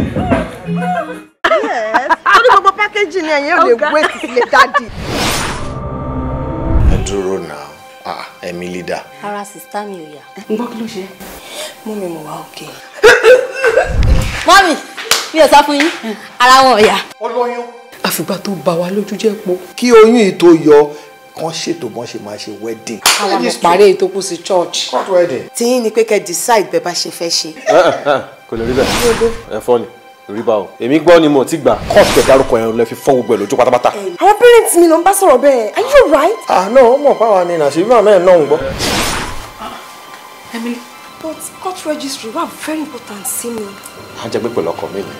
yes torí gbogbo pákéjì ni ẹ̀yin ò lè wé sílé dáàdì. ẹ dúró now. ah ẹ̀mí lídà. ara sista mi ò yá. n gbọ́ kí ló ṣe. mú mi mọ̀ wá òkè. mọ́mì mi ò sọ fún yín ara wọn ò yá. ọlọ́yún. àfìgbà tó bá wa lójú jẹ́ po. kí oyún ètò yọ kán ṣètò bọ́n ṣe máa ṣe wedding. àwọn àmọ̀ parí ètò kù sí church. court wedding. tí yín ni pé kẹ́ decide bẹ́ẹ̀ bá ṣe fẹ́ ṣe. kò lè rí bẹ́ẹ̀ ẹ̀fọ́ ni rí bá o èmi gbọ́ ni mo ti gbà court tẹ̀ dárúkọ yẹn lẹ fi fọ́ gbogbo lójú pátápátá. àwọn parents mi ló ń bá sọ̀rọ̀ bẹ́ẹ̀ are you right. àná ọmọ báwa ni nàṣírí àmẹ́ náà ń gbọ́. Emily but court registry wà very important sí mi. a jẹ pé pẹ̀lú ọkọ mi ni.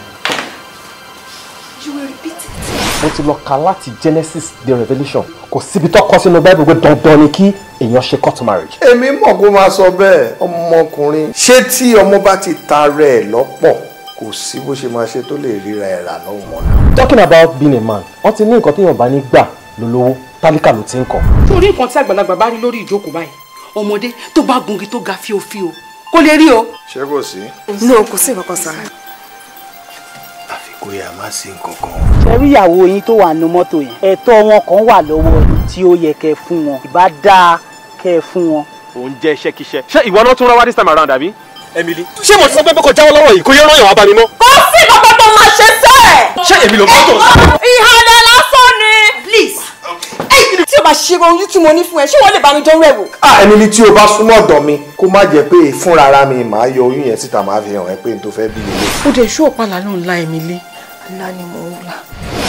you will repeat it. mo ti lọ kà láti Genesis the Revelation kò síbi tó kọ sínú Bible pé dandan ni kí èèyàn ṣe court marriage. èmi mọ̀ kó máa sọ bẹ́ẹ̀ ọmọkùnrin ṣé tí ọmọ bá ti ta rẹ̀ lọ́pọ̀ kò sí bó ṣe máa ṣe tó lè ríra ẹ̀ rà lọ́wọ́ wọn. talking about being a man wọ́n ti ní nǹkan téèyàn bá ní gbà lólówó tálíkà ló ti ń kọ́. torí nǹkan tí àgbàlagbà bá rí lórí ìjókòó báyìí ọmọdé tó bá gungi tó ga fíofío kò lè rí o. ṣé kò sí. ní o kò sí nǹkan kan sára kò yà má sí nǹkan kan. ṣe ìyàwó yín tó wà nínú mọ́tò yẹn ẹ̀tọ́ wọn kan wà lọ́wọ́ tí ó yẹ kẹ́ fún wọn ìbá dáa kẹ́ ẹ fún wọn. òun jẹ́ iṣẹ́kíṣẹ́ ṣé ìwọ náà tún rán wá this time around àbí. Emily ṣé mo ti sọ pé bẹ́ẹ̀ kò jáwọ́ lọ́wọ́ yìí kò yẹ rányàn wá bá mi mọ́. kò sí kankan tó máa ṣe sẹ́ẹ̀. ṣé èmi ló máa ìhàlẹ̀ lásán ni. please tí o bá ṣe oyún tí mo ní fún ẹ ṣé wọ́n lè bá mi dánwò ẹ̀ wò. a ah, Emily tí o bá súnmọ́ ọ̀dọ̀ mi kó má jẹ́ pé fúnra mi màá yọ oyún yẹn síta màá fi hàn ẹ́ pé n tó fẹ́ bí mi. ó dé iṣu ọ̀pá làánú ńlá Emily ńlá ni mò ń la.